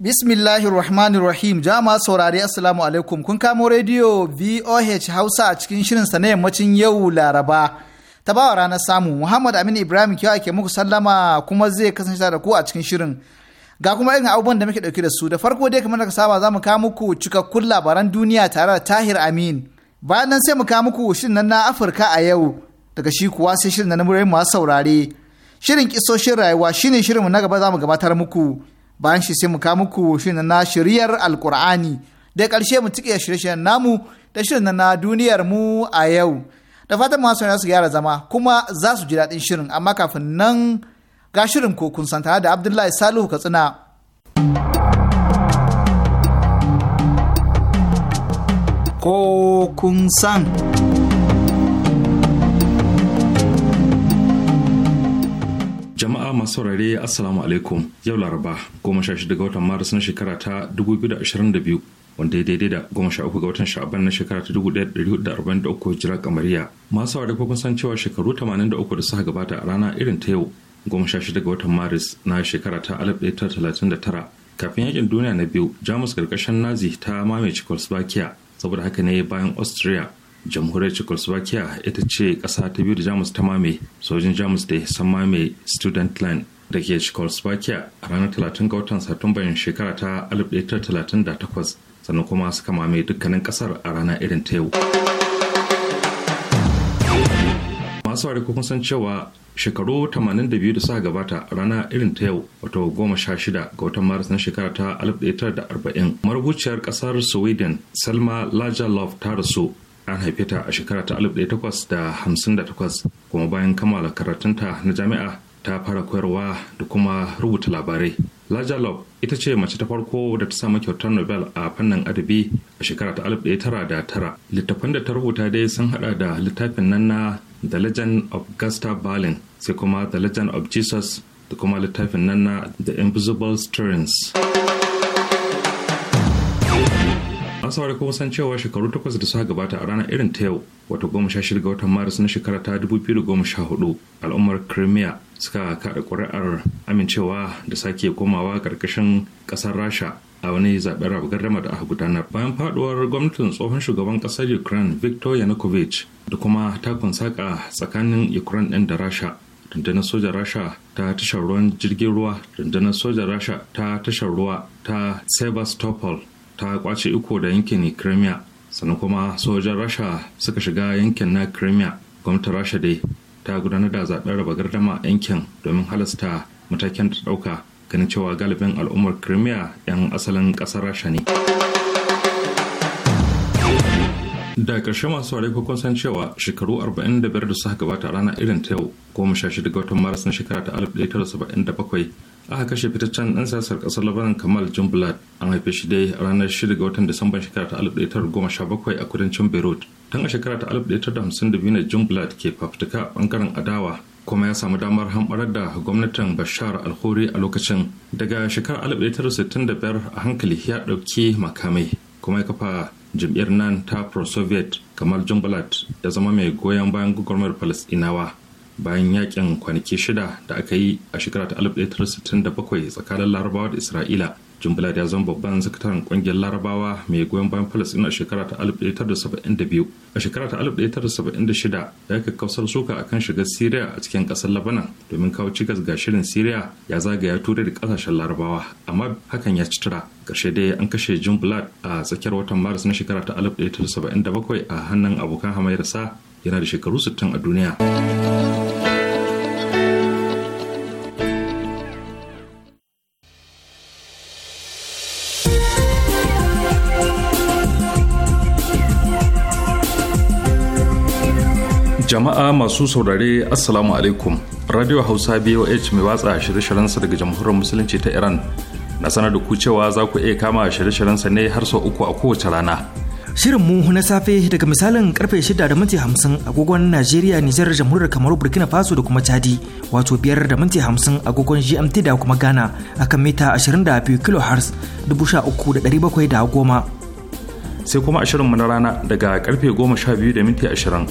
Bismillahir Rahmanir Rahim jama saurari Assalamu alaikum kun kamo rediyo VOH Hausa a cikin shirin sa na yammacin yau Laraba. Ta bawa ranar samu Muhammad Aminu Ibrahim kyau ake muku sallama kuma zai kasance da ku a cikin shirin. Ga kuma irin abubuwan da muke dauke da su da farko dai kamar da saba za mu kawo muku cikakkun labaran duniya tare da Tahir Amin. Bayan nan sai mu kawo muku shirin nan na Afirka a yau daga shi kuwa sai shirin na namurai masu saurare. Shirin kisoshin rayuwa shine shirinmu na gaba za mu gabatar muku. bayan shi sai mu kawo muku shirin na shiriyar alkur'ani da ƙarshe mu cike shirye-shiryen namu da shirin na duniyar mu a yau da fatan masu yana su gyara zama kuma za su ji daɗin shirin amma kafin nan ga shirin ko kun santa da abdullahi salihu katsina ko kun san Jama'a masu saurare Assalamu alaikum yau Laraba goma sha shida ga watan Maris na shekara ta 2022 wanda ya daidai da goma sha uku ga watan Sha'aban na shekara ta uku jira kamariya. Masu saurare kuma san cewa shekaru 83 da suka gabata a rana irin ta yau goma sha shida ga watan Maris na shekara ta 1939 kafin yakin duniya na biyu Jamus karkashin Nazi ta mamaye cikin saboda haka ne bayan Austria jamhuriyar czechoslovakia ita ce ƙasa ta biyu da jamus ta mame sojin jamus da san mame student line da ke czechoslovakia a ranar 30 ga watan satumbar shekara ta 1938 sannan kuma suka mame dukkanin ƙasar a rana irin ta yau masu ware kuma san cewa shekaru 82 da suka gabata a rana irin ta yau wato 16 ga watan maris na shekara ta 1940 marubuciyar kasar sweden selma lagerlof ta rasu an haife ta a shekara ta 1858 kuma bayan kammala karatunta na jami'a ta fara koyarwa da kuma rubuta labarai. Lajalov ita ce mace ta farko da ta samu kyautar Nobel a fannin adabi a shekara ta 1909. Littafan da ta rubuta dai sun hada da littafin nan na The Legend of Gustav Berlin sai kuma The Legend of Jesus da kuma littafin nan na The Invisible Strings. an saurari kuma san cewa shekaru takwas da suka gabata a ranar irin ta yau wata goma sha shirga watan maris na shekara ta dubu biyu da goma sha hudu al'ummar crimea suka kaɗa ƙuri'ar amincewa da sake komawa ƙarƙashin ƙasar rasha a wani zaɓen rabu gardama da aka gudanar bayan faduwar gwamnatin tsohon shugaban ƙasar ukraine victor yanukovych da kuma takun saƙa tsakanin ukraine ɗin da rasha rundunar sojan rasha ta tashar ruwan jirgin ruwa rundunar sojan rasha ta tashar ruwa ta sebastopol ta kwace iko da yankin crimea sannan kuma sojan rasha suka shiga yankin na crimea gwamnatin rasha dai ta gudanar da zaɓen raba gardama yankin domin halasta matakin da ɗauka ganin cewa galibin al'ummar crimea 'yan asalin ƙasar rasha ne da ƙarshe masu ware kun san cewa shekaru 45 da suka gabata rana irin ta yau 16 ga watan maras na shekara ta 1977 aka kashe fitaccen ɗan siyasar ƙasar labaran kamal jumblad an haife shi dai a ranar 6 ga watan disamban shekara ta 1917 a kudancin beirut tun a shekara ta 1952 ne jumblad ke fafutuka ɓangaren adawa kuma ya samu damar hamɓarar da gwamnatin bashar alkhori a lokacin daga shekarar 1965 a hankali ya ɗauki makamai kuma ya kafa jam'iyyar nan ta pro-soviet kamal jumblad ya zama mai goyon bayan gwamnatin palestinawa bayan yakin kwanaki shida da aka yi a shekara ta 1967 tsakanin larabawa da isra'ila jumbla ya zama babban sakataren kungiyar larabawa mai goyon bayan palestina a shekara ta 1972 a shekara ta 1976 ya kakkausar suka kan shiga syria a cikin kasar labanan domin kawo cikas ga shirin syria ya zagaya turai da kasashen larabawa amma hakan ya ci tura karshe dai an kashe jumbla a tsakiyar watan maris na shekara ta 1977 a hannun abokan hamayarsa yana da shekaru 60 a duniya jama'a masu saurare assalamu alaikum radio hausa boh mai watsa shirye-shiryensa daga jamhuriyar musulunci ta iran na sanar da ku cewa za ku iya kama shirye-shiryensa ne har sau uku a kowace rana shirin mu na safe daga misalin karfe 6 da minti 50 agogon najeriya nijar jamhuriyar kamaru burkina faso da kuma chadi wato biyar da minti 50 agogon gmt da kuma ghana akan mita 22 kilohertz 13710 sai kuma ashirinmu na rana daga karfe goma 12 da minti ashirin.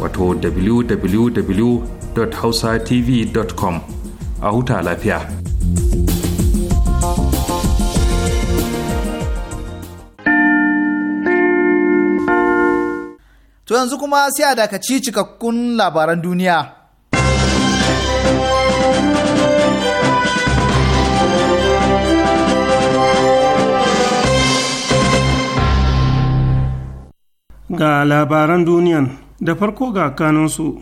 wato www.hausatv.com a huta lafiya. To yanzu kuma sai a dakaci cikakkun labaran duniya. Ga labaran duniyan da farko ga kanunsu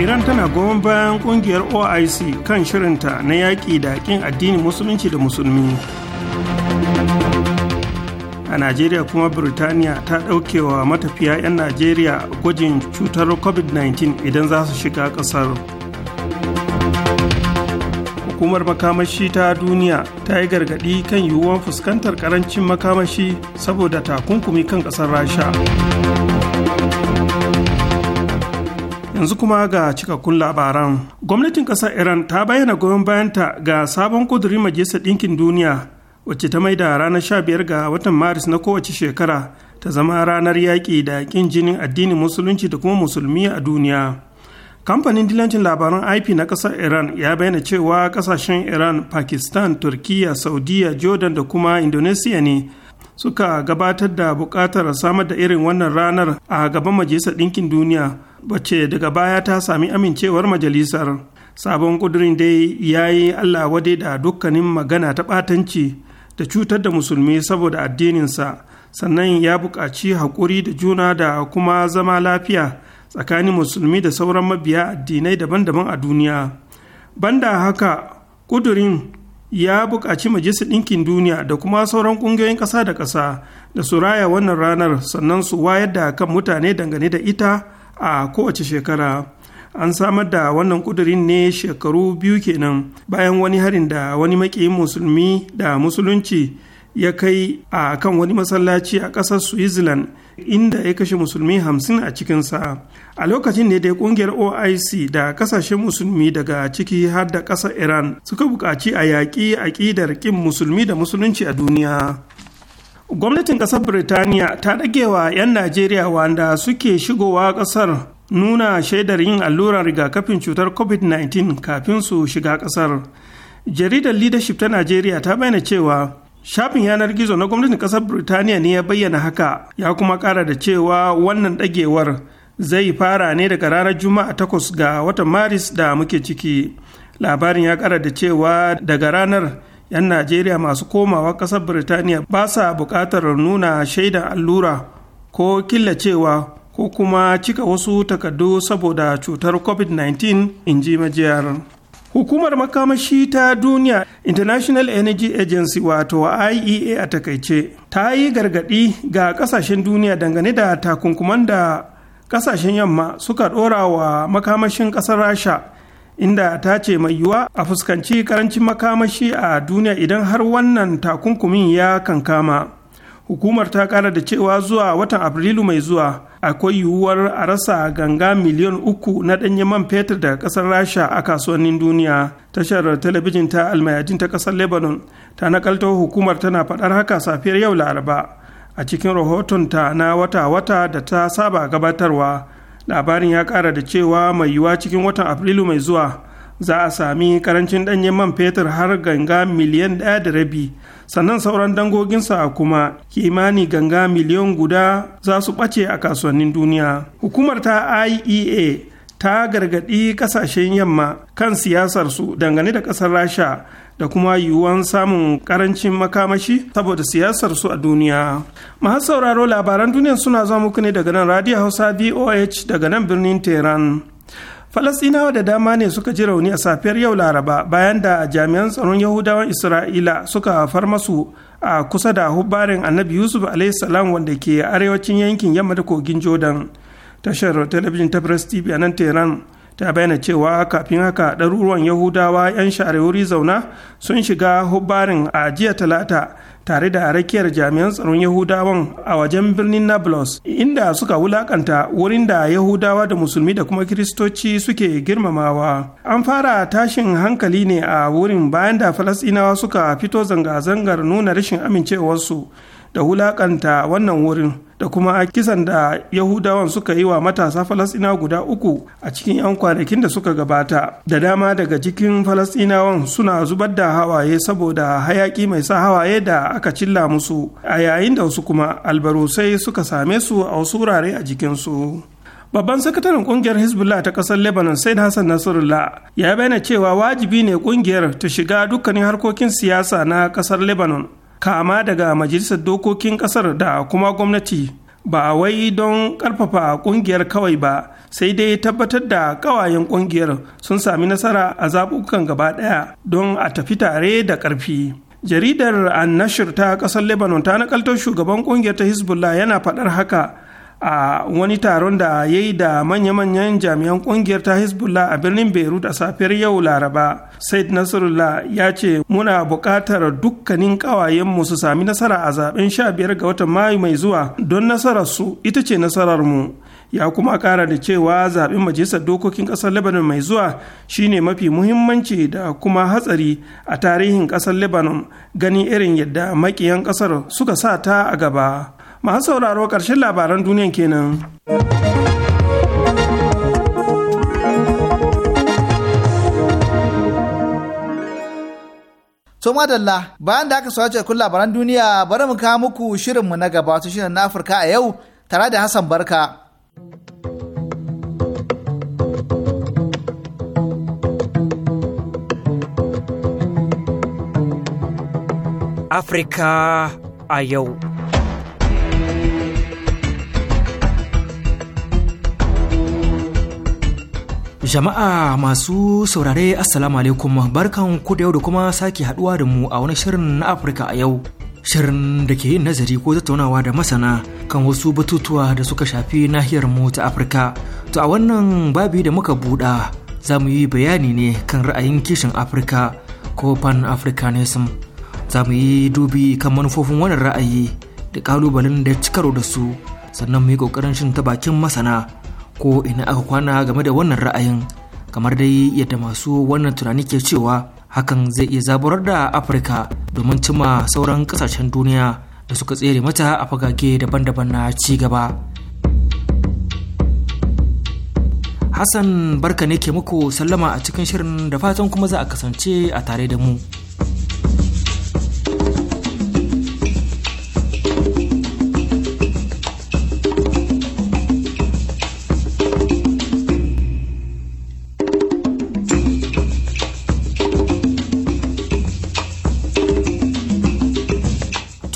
iran tana goman bayan kungiyar oic kan shirinta na yaƙi da ƙin addinin musulunci da musulmi a najeriya kuma birtaniya ta ɗaukewa matafiya 'yan najeriya gwajin cutar covid-19 idan za su shiga ƙasar hukumar makamashi ta duniya ta yi gargaɗi kan yiwuwar fuskantar karancin makamashi saboda takunkumi kan ƙasar rasha yanzu kuma ga cikakkun labaran gwamnatin ƙasar iran ta bayyana goyon bayanta ga sabon kudurin majalisar ɗinkin duniya wacce ta maida ranar 15 ga watan maris na kowace shekara ta zama ranar yaƙi da ƙin jinin addinin musulunci da kuma musulmi a duniya kamfanin dilancin labaran ip na ƙasar iran ya bayyana cewa ƙasashen iran pakistan turkiya saudiya jordan da kuma indonesia ne suka gabatar da buƙatar samar da irin wannan ranar a gaban majalisar ɗinkin duniya bace daga baya ta sami amincewar majalisar sabon kudurin dai ya yi allah wade da dukkanin magana ta ɓatanci da cutar da musulmi saboda addininsa sannan ya buƙaci haƙuri da juna da kuma zama lafiya tsakanin musulmi da sauran mabiya addinai daban-daban a duniya banda haka ƙudurin ya buƙaci majalisar ɗinkin duniya da kuma sauran ƙungiyoyin ƙasa da ƙasa da su raya wannan ranar sannan su wayar da kan mutane dangane da ita a kowace shekara an samar da wannan ƙudurin ne shekaru biyu kenan bayan wani harin da wani maƙiyin musulmi da musulunci ya kai a kan wani masallaci a ƙasar switzerland inda ya kashe musulmi hamsin a cikinsa a lokacin ne dai kungiyar oic da kasashen musulmi daga ciki har da ƙasar iran suka buƙaci a yaƙi aƙidar ƙin musulmi da musulunci a duniya gwamnatin ƙasar birtaniya ta ɗagewa 'yan najeriya wanda suke shigowa ƙasar nuna shaidar yin allurar rigakafin cutar covid-19 kafin su shiga ƙasar jaridar leadership ta najeriya ta bayyana cewa Shafin yanar gizo na gwamnatin kasar Birtaniya ne ya bayyana haka ya kuma kara da cewa wannan dagewar zai fara ne daga ranar Juma'a takwas ga watan Maris da muke ciki. Labarin ya kara da cewa daga ranar 'yan Najeriya masu komawa kasar Birtaniya ba sa buƙatar nuna shaidan allura ko killacewa ko kuma cika wasu takardu saboda cutar COVID-19 in ji majiyar. Hukumar makamashi ta duniya International Energy Agency wato IEA a takaice ta yi gargaɗi ga ƙasashen duniya dangane da takunkuman da ƙasashen yamma suka ɗora wa makamashin ƙasar Rasha inda ta ce mai yiwuwa a fuskanci ƙarancin makamashi a duniya idan har wannan takunkumin ya kankama. hukumar ta kara da cewa zuwa watan afrilu mai zuwa akwai yiwuwar a rasa ganga miliyan uku na ɗanyen man fetur daga ƙasar rasha a kasuwannin duniya tashar talabijin ta almayadin ta ƙasar lebanon ta nakalta hukumar tana faɗar haka safiyar yau laraba a cikin rahotonta na wata-wata da ta saba gabatarwa labarin ya kara da cewa mai yiwuwa cikin watan afrilu mai zuwa za a sami karancin ɗanyen man fetur har ganga miliyan ɗaya da rabi sannan sauran dangoginsa a kuma kimani ganga miliyan guda za su ɓace a kasuwannin duniya hukumar ta iea ta gargaɗi ƙasashen yamma kan siyasarsu dangane da ƙasar rasha da kuma yiwuwan samun ƙarancin makamashi saboda siyasarsu a duniya masu sauraro labaran duniya suna zama muku ne daga nan radio hausa voh daga nan birnin tehran falastinawa da dama ne suka ji rauni a safiyar yau laraba bayan da jami'an tsaron yahudawan isra'ila suka far masu a kusa da hubbarin annabi yusuf salam wanda ke arewacin yankin yamma da kogin jordan tashar talabijin ta press tv a nan tehran ta bayyana cewa kafin haka ɗaruruwan yahudawa 'yan share zauna sun shiga hubbarin a jiya talata tare da rakiyar jami'an tsaron yahudawan a wajen birnin nablus inda suka wulakanta wurin da yahudawa da musulmi da kuma kiristoci suke girmamawa an fara tashin hankali ne a wurin bayan da falasinawa suka fito zanga-zangar nuna rashin amincewarsu da wulakanta wannan wurin da kuma kisan da yahudawan suka yi wa matasa falasina guda uku a cikin 'yan kwanakin da suka gabata da dama daga cikin falasinawan suna zubar da hawaye saboda hayaki mai sa hawaye da aka cilla musu a yayin da wasu kuma albarusai suka same su a wasu wurare a jikinsu babban sakataren kungiyar hezbollah ta kasar lebanon said hassan nasrullah ya bayyana cewa wajibi ne kungiyar ta shiga dukkanin harkokin siyasa na kasar lebanon kama daga majalisar dokokin kasar da kuma gwamnati ba wai don karfafa kungiyar kawai ba sai dai tabbatar da kawayen kungiyar sun sami nasara a zaɓukan gaba ɗaya don a tafi tare da ƙarfi jaridar annashir ta ƙasar lebanon ta nakaltar shugaban kungiyar ta hezbollah yana faɗar haka a wani taron da ya yi da manya-manyan jami'an kungiyar ta hezbollah a birnin beirut a safiyar yau laraba said nasrullah ya ce muna buƙatar dukkanin ƙawayenmu su sami nasara a zaben 15 ga watan mayu mai zuwa don nasarar su ita ce nasarar mu ya kuma kara da cewa zaɓen majalisar dokokin ƙasar lebanon mai zuwa shine mafi muhimmanci da kuma hatsari a tarihin ƙasar lebanon ganin irin yadda makiyan ƙasar suka sa ta a gaba masu sauraro ƙarshen labaran duniyan kenan. to madalla bayan da aka sace kun labaran duniya bari mu kawo muku shirin mu na gaba wato shirin na Afirka a yau tare da Hassan Barka. Afirka a yau. Jama'a masu saurare Assalamu alaikum barkan ku da yau da kuma sake haduwa da mu a wani shirin na Afirka a yau. Shirin da ke yin nazari ko tattaunawa da masana kan wasu batutuwa da suka shafi nahiyar mu ta Afirka. To a wannan babi da muka buɗa za mu yi bayani ne kan ra'ayin kishin Afirka ko Pan-Africanism. Za mu yi dubi kan manufofin wannan ra'ayi da kalubalen da ya cikaro da su sannan mu yi ƙoƙarin shin ta bakin masana ko ina aka kwana game da wannan ra'ayin kamar dai yadda masu wannan tunani ke cewa hakan zai iya zaburar da afirka domin cima sauran kasashen duniya da suka tsere mata a fagage daban-daban na ci gaba hassan barka ne ke muku sallama a cikin shirin da fatan kuma za a kasance a tare da mu.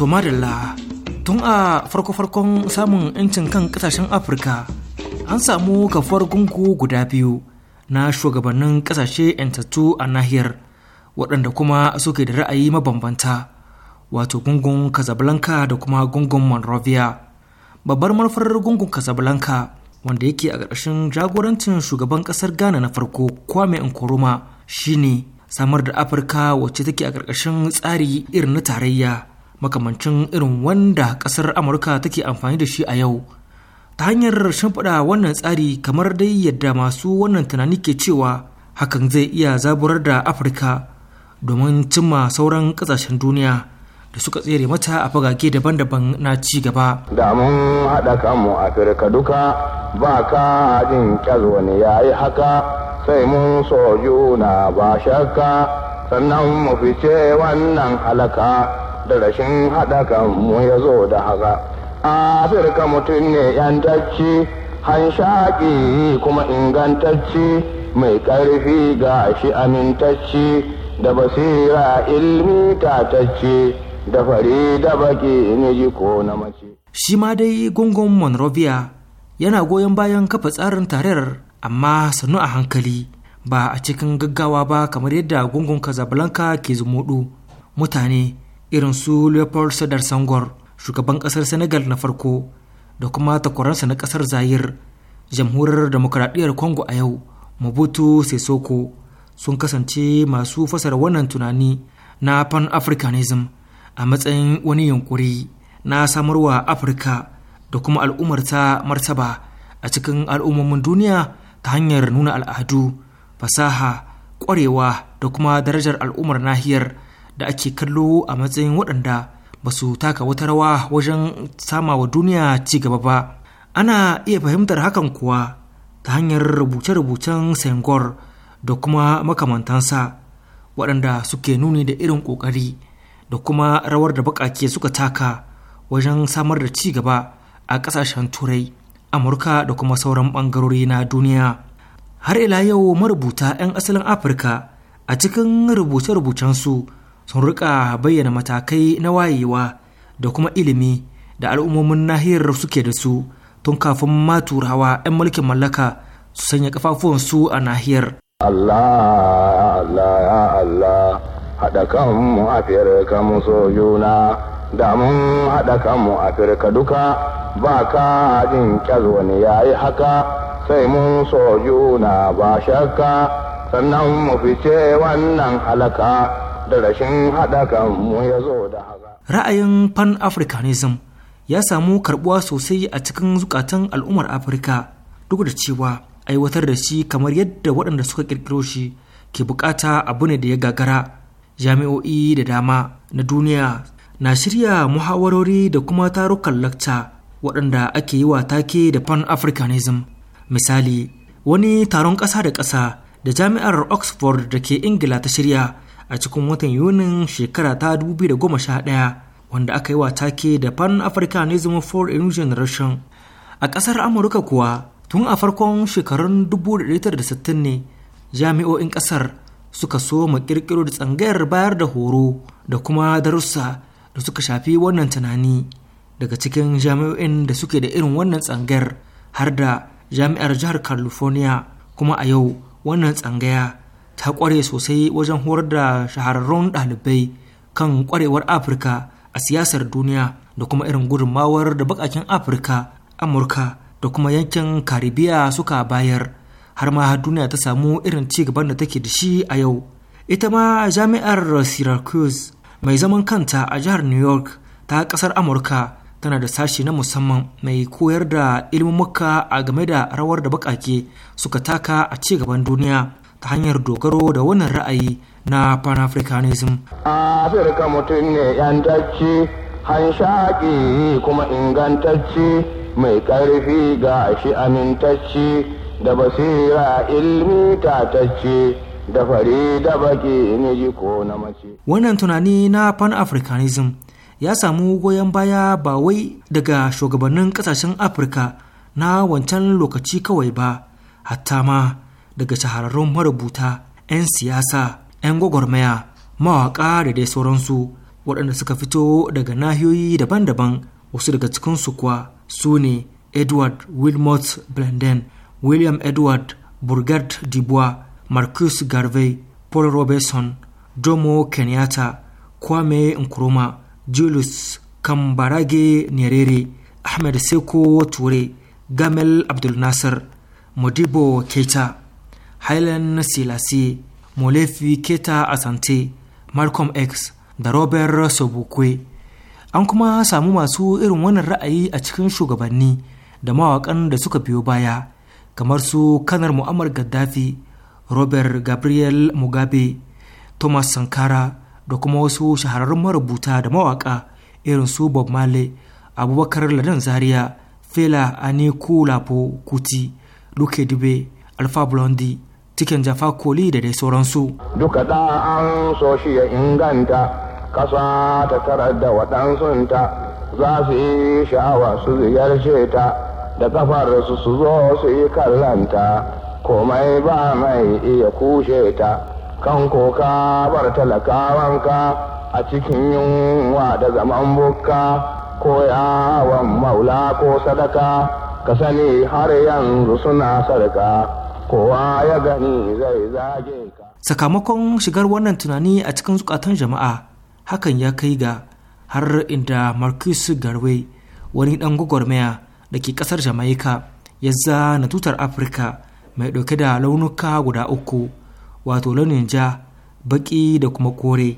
To madalla tun a farko-farkon samun 'yancin kan kasashen Afirka an samu kafuwar gungu guda biyu na shugabannin kasashe 'yantattu a nahiyar waɗanda kuma suke da ra'ayi mabambanta wato gungun Casablanca da kuma gungun Monrovia. Babbar manufar gungun Casablanca wanda yake a ƙarƙashin jagorancin shugaban ƙasar Ghana na farko Kwame Nkrumah shine samar da Afirka wacce take a ƙarƙashin tsari irin na tarayya makamancin irin wanda ƙasar amurka take amfani da shi a yau ta hanyar shimfiɗa wannan tsari kamar dai yadda masu wannan tunani ke cewa hakan zai iya zaburar da afirka domin cimma sauran ƙasashen duniya da suka tsere mata a fagage daban-daban na ci gaba. Da mun haɗa kanmu Afirka duka ba ka jin wani ya yi haka sai mun so juna ba shakka sannan mu fice wannan halaka da rashin haɗa kanmu ya zo da haka afirka mutum ne yantacci hanshaƙi kuma ingantacci mai ƙarfi ga shi amintacci da basira ilmi tatacci da fari da baki ne ji ko na mace shi ma dai gungun monrovia yana goyon bayan kafa tsarin tarayyar amma sannu a hankali ba a cikin gaggawa ba kamar yadda gungun casablanca ke zumuɗu mutane irin su leopold sadar sangor shugaban kasar senegal na farko da kuma takwaransa na kasar zayir jamhuriyar demokradiyyar congo a yau mobutu sesoko sun kasance masu fasara wannan tunani na pan-africanism a matsayin wani yunkuri na samarwa afirka da kuma al'ummarta martaba a cikin al'ummomin duniya ta hanyar nuna al'adu fasaha ƙwarewa da kuma darajar al'ummar nahiyar da ake kallo a matsayin waɗanda ba su taka wata rawa wajen sama wa duniya ci gaba ba ana iya fahimtar hakan kuwa ta hanyar rubuce-rubucen sengor da kuma makamantansa waɗanda suke nuni da irin ƙoƙari da kuma rawar da baƙaƙe suka taka wajen samar da ci gaba a ƙasashen turai amurka da kuma sauran ɓangarori na duniya har ila yau marubuta 'yan asalin afirka a cikin rubuce-rubucensu sun rika bayyana matakai na wayewa da kuma ilimi da al'ummomin nahiyar suke da su tun kafin ma turawa 'yan mulkin mallaka su sanya kafafuwansu a nahiyar. Allah Allah ya Allah haɗa kanmu Afirka mu so juna da mun haɗa kanmu Afirka duka ba ka jin ƙyar wani ya yi haka sai mun so juna ba shakka sannan mu fice wannan halaka da rashin haɗa ya zo da haka. Ra'ayin Pan-Africanism ya samu karɓuwa sosai a cikin zukatan al'ummar Afirka duk da cewa aiwatar da shi kamar yadda waɗanda suka ƙirƙiro shi ke bukata abu ne da ya gagara jami'o'i da dama na duniya na shirya muhawarori da kuma tarukan lakta waɗanda ake yi wa take da pan-africanism misali wani taron ƙasa da ƙasa da jami'ar oxford da ke ingila ta shirya a cikin watan yunin shekara ta 2011 wanda aka yi wa take da pan africanism for a new generation a ƙasar amurka kuwa tun a farkon shekarun 1960 ne jami'o'in ƙasar suka so mu ƙirƙiro da tsangayar bayar da horo da kuma darussa da suka shafi wannan tunani daga cikin jami'o'in da suke da irin wannan tsangayar har da jami'ar jihar california kuma a yau wannan tsangaya ta ƙware sosai wajen horar da shahararrun ɗalibai kan ƙwarewar afirka a siyasar duniya da kuma irin gudunmawar da bakakin afirka amurka da kuma yankin karibiya suka bayar har ma duniya ta samu irin ci gaban da take da shi a yau ita ma jami'ar syracuse mai zaman kanta a jihar new york ta ƙasar amurka tana da sashi na musamman mai koyar da ilmummuka a game da rawar da bakake suka taka a ci gaban duniya ta hanyar dogaro da wannan ra'ayi na pan-africanism afirka mutum ne yantacci hanshaƙi kuma ingantacci mai ƙarfi ga shi amintacci da basira ilmi tatacci da fari da baki ne ji ko na mace. Wannan tunani na Pan-Africanism ya samu goyon baya ba wai daga shugabannin kasashen Afirka na wancan lokaci kawai ba, hatta ma daga shahararrun marubuta 'yan siyasa 'yan gwagwarmaya mawaƙa da dai sauransu waɗanda suka fito daga nahiyoyi daban-daban wasu daga cikinsu kuwa su ne edward wilmot blenden william edward burgard dubois marcus garvey paul robertson Domo kenyatta kwame nkrumah julius kambarage nyerere ahmed seko ture gamel abdul modibo keita Hailen silasi Molefi Keta Asante, Malcolm X da Robert Sobukwe. An kuma samu masu irin wannan ra'ayi a cikin shugabanni da mawakan da suka biyo baya, kamar su kanar Muammar Gaddafi, Robert Gabriel Mugabe, Thomas Sankara da kuma wasu shahararrun marubuta da mawaka irin su Bob Marley, Abubakar Ladan Zaria, Fela ani Kulapo Kuti, Luke Dube, Alpha Blondie cikin jafa koli da dai sauransu. Duka da an so shi ya inganta kasa ta tarar da waɗansunta za su yi sha'awa su ziyarce ta da kafarsu su zo su yi kallanta komai ba mai iya kushe ta kan koka bar talakawanka a cikin yunwa da zaman bukka ko yawon maula ko sadaka ka sani har yanzu suna sarka. kowa ya gani zai zage ka. Sakamakon shigar wannan tunani a cikin zukatan jama'a hakan ya kai ga har inda Marcus Garvey wani ɗan gwagwarmaya da ke kasar jamaika ya zana tutar Afirka mai ɗauke da launuka guda uku wato launin ja, baki da kuma kore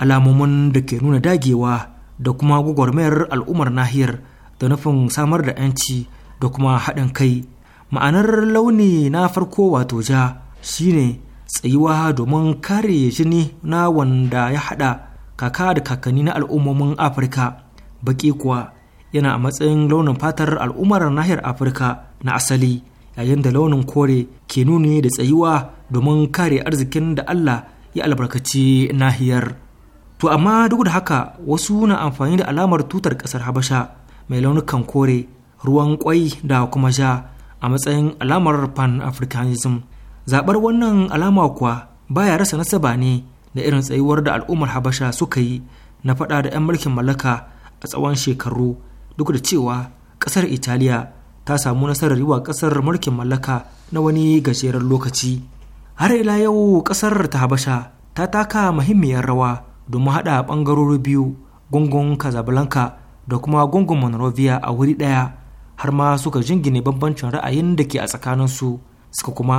alamomin da ke nuna dagewa da kuma gwagwarmayar al'ummar nahiyar da nufin samar da 'yanci da kuma haɗin kai. ma'anar launi na farko wato ja shine tsayuwa domin kare jini na wanda ya hada kaka da kakanni na al'ummomin afirka baki kuwa yana a matsayin launin fatar al'ummar nahiyar afirka na asali yayin da launin kore ke nuni da tsayuwa domin kare arzikin da allah ya albarkaci nahiyar to amma duk da haka wasu na amfani da alamar tutar ƙasar habasha mai launukan kore ruwan kwai da kuma ja a matsayin alamar pan-africanism zaɓar wannan alama kuwa baya rasa nasaba ne da irin tsayuwar da al'ummar habasha suka yi na faɗa da 'yan mulkin mallaka a tsawon shekaru duk da cewa ƙasar italiya ta samu nasarar yi wa ƙasar mulkin mallaka na wani gajeren lokaci har ila yau ƙasar ta habasha ta taka muhimmiyar rawa domin haɗa ɓangarori biyu gungun kazablanka da kuma gungun monrovia a wuri ɗaya har ma suka jingine bambancin ra'ayin da ke a tsakaninsu suka kuma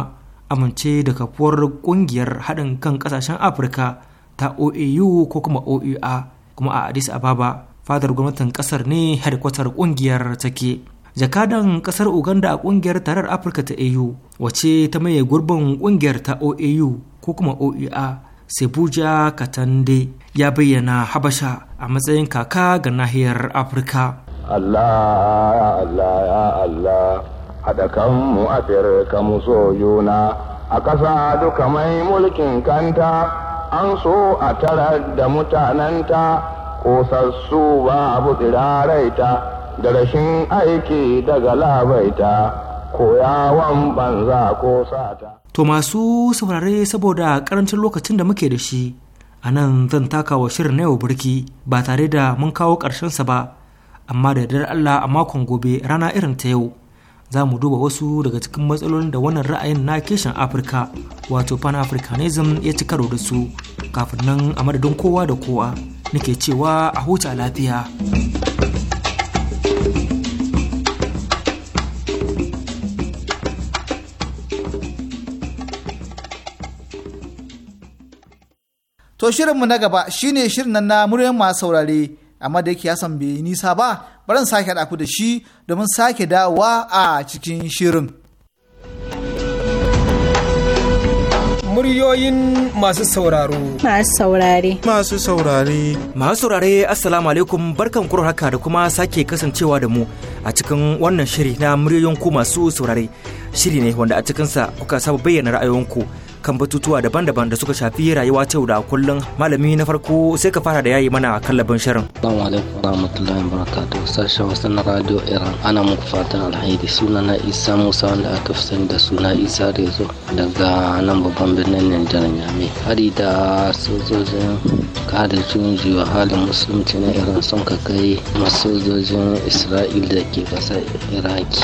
amince da kafuwar kungiyar haɗin kan ƙasashen afirka ta oau ko kuma oua kuma a addis ababa fadar gwamnatin ƙasar ne harkwatar kungiyar take jakadan ƙasar uganda a kungiyar tarar afirka ta au wace ta maye gurbin kungiyar ta oau ko kuma oua sebuja katande ya bayyana habasha a matsayin kaka ga nahiyar afirka Allah ya Allah ya Allah haɗa kanmu a ka mu so juna a ƙasa duka mai mulkin kanta an so a tarar da mutananta ba babu tsiraraita da rashin aiki daga labaita koyawan banza ko sata. To masu saurare saboda ƙarancin lokacin da muke da shi a nan zan taka wa shirin na yau birki ba tare da mun kawo ƙarshensa ba. amma da yardar Allah a makon gobe rana irin ta yau za mu duba wasu daga cikin matsalolin da wannan ra'ayin na keshin afirka wato pan-africanism ya ci karo da su kafin nan a madadin kowa da kowa nake cewa a huta lafiya To shirinmu na gaba shine shirin na muryan masu saurare amma da yake yasan bai nisa ba barin sake haɗa ku da shi domin sake dawa a cikin shirin. Muryoyin masu sauraro. Masu saurare. Masu saurare. Masu saurare Assalamu alaikum barkan kuro haka da kuma sake kasancewa da mu a cikin wannan shiri na muryoyin ku masu saurare. shiri ne wanda a cikinsa kuka saba bayyana ra'ayoyinku kan batutuwa daban-daban da suka shafi rayuwa ta yau da kullum malami na farko sai ka fara da yayi mana labin shirin assalamu alaikum warahmatullahi wabarakatuh sashen wasu na radio iran ana muku fatan alhaji suna na isa musa wanda aka fi sani da suna isa rezo daga nan babban birnin nijar nyame hari da sojojin kare junjiwa halin musulunci na iran sun ka kai masojojin isra'il da ke kasa iraki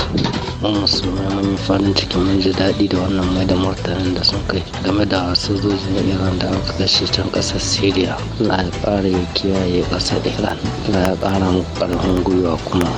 mun musulmai mun yi farin ciki mun ji daɗi da wannan mai da martanin da sun kai game da sojojin iran da aka kashe can ƙasar syria na ya ƙara ya kiyaye ƙasar iran allah ya ƙara mu ƙarfin gwiwa kuma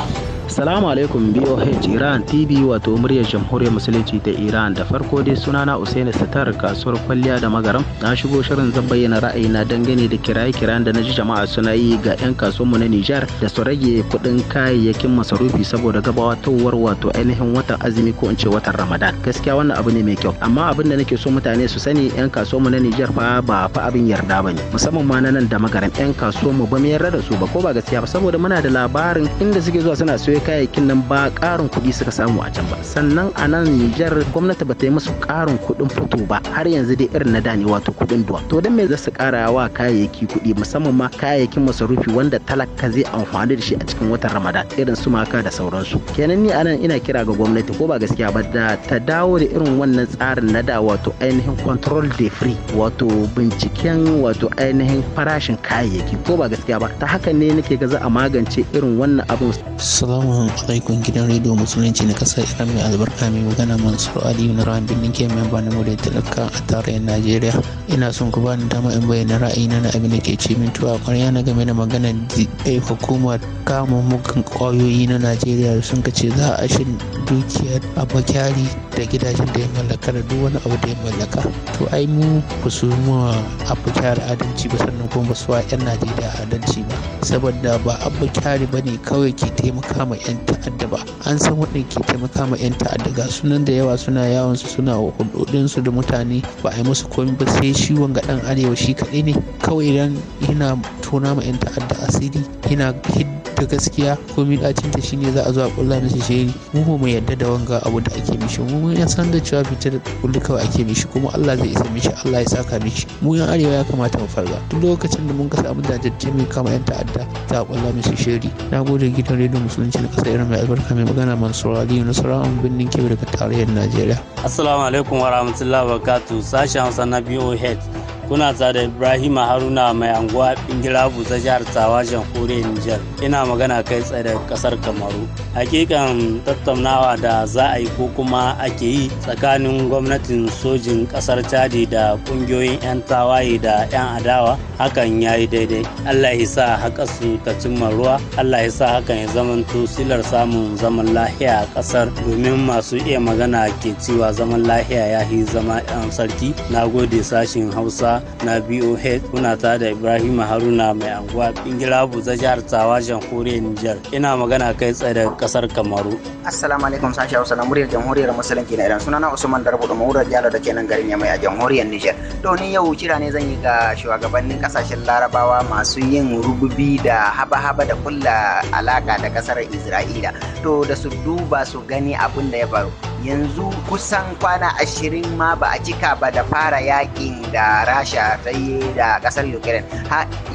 Assalamu alaikum BOH Iran TV wato muryar jamhuriyar musulunci ta Iran da farko dai sunana Usain Sitar kasuwar kwalliya da magaram na shigo shirin zan bayyana ra'ayina dangane da kiraye-kiran da na ji jama'a suna yi ga 'yan mu na Nijar da su rage kuɗin kayayyakin masarufi saboda gabatowar wato ainihin watan azumi ko in ce watan Ramadan gaskiya wannan abu ne mai kyau amma abin da nake so mutane su sani 'yan mu na Nijar fa ba fa abin yarda ba ne musamman ma na nan da magaram 'yan kasuwanmu ba mu yarda da su ba ko ba gaskiya ba saboda muna da labarin inda suke zuwa suna siyo kayayyakin nan ba karin kuɗi suka samu a can ba sannan a nan Nijar gwamnati ba ta yi musu karin kuɗin fito ba har yanzu dai irin na dani wato kuɗin duwa to dan me za su kara wa kayayyaki kuɗi musamman ma kayayyakin masarufi wanda talaka zai amfani da shi a cikin watan Ramadan irin su maka da sauransu kenan ni anan ina kira ga gwamnati ko ba gaskiya ba da ta dawo da irin wannan tsarin na da wato ainihin control de free wato binciken wato ainihin farashin kayayyaki ko ba gaskiya ba ta haka ne nake ga za a magance irin wannan abin salamu Assalamu alaikum gidan rediyo musulunci na kasar Iran mai albarka mai magana Mansur Aliyu na rawan birnin ke bani na da talaka a tarayyar Najeriya. Ina son ku bani dama in bayyana ra'ayina na abin da ke ci min tuwa kwarya na game da magana da eh, hukumar kama muggan kwayoyi na Najeriya sun kace za a shin dukiyar abakari da gidajen da ya mallaka da duk wani abu da ya mallaka. To ai mu ba su mu abakari adalci ba sannan kuma ba su wa 'yan Najeriya adalci ba. Saboda ba abakari ba ne kawai ke taimaka ma 'yan ta'adda ba an san waɗanda ke taimaka ma 'yan ta'adda ga sunan da yawa suna yawon su suna hulɗoɗinsu da mutane ba a yi musu komi ba sai shi wanga ɗan arewa shi kaɗai ne kawai idan yana tona ma 'yan ta'adda asiri yana hidda ta gaskiya ko shi shine za a zo a kulla mishi shiri mu ba mu yarda da wanga abu da ake mishi mu mun san da cewa fitar kullu kawai ake mishi kuma Allah zai isa mishi Allah ya saka mishi mu yan arewa ya kamata mu farga duk lokacin da mun ka samu jajjajje mai kama yan ta'adda za a kulla mishi shiri na gode gidan rediyo musulunci na kasar irin mai albarka mai magana Mansur Ali Nasara an birnin Kebbi daga tarayyar Najeriya assalamu alaikum wa rahmatullahi wa barakatuh sashen Hausa na BOH kuna da ibrahima haruna mai anguwa bingira buza jihar tsawa kore nijar ina magana kai tsaye da kasar kamaru hakikan tattaunawa da za a yi ko kuma ake yi tsakanin gwamnatin sojin kasar chadi da kungiyoyin 'yan tawaye da 'yan adawa hakan ya yi daidai allah ya sa haka su ta cimma ruwa allah ya sa hakan ya zamanto silar samun zaman lahiya a kasar domin masu iya magana ke cewa zaman lahiya ya yi zama 'yan um, sarki na gode sashin hausa na boh kuna ta da ibrahim haruna mai anguwa bingila buza jihar tsawa jamhuriyar niger ina magana kai tsaye da kasar kamaru assalamu alaikum sashi hausa na muryar jamhuriyar musulunci na iran sunana usman darbu da maura jihar da kenan garin yamai a jamhuriyar niger to ni yau kira ne zan yi ga shugabannin kasashen larabawa masu yin rububi da haba-haba da kulla alaka da kasar isra'ila to da su duba su gani abin da ya faru yanzu kusan kwana ashirin ma ba a cika ba da fara yakin da rasha ta yi da kasar ukraine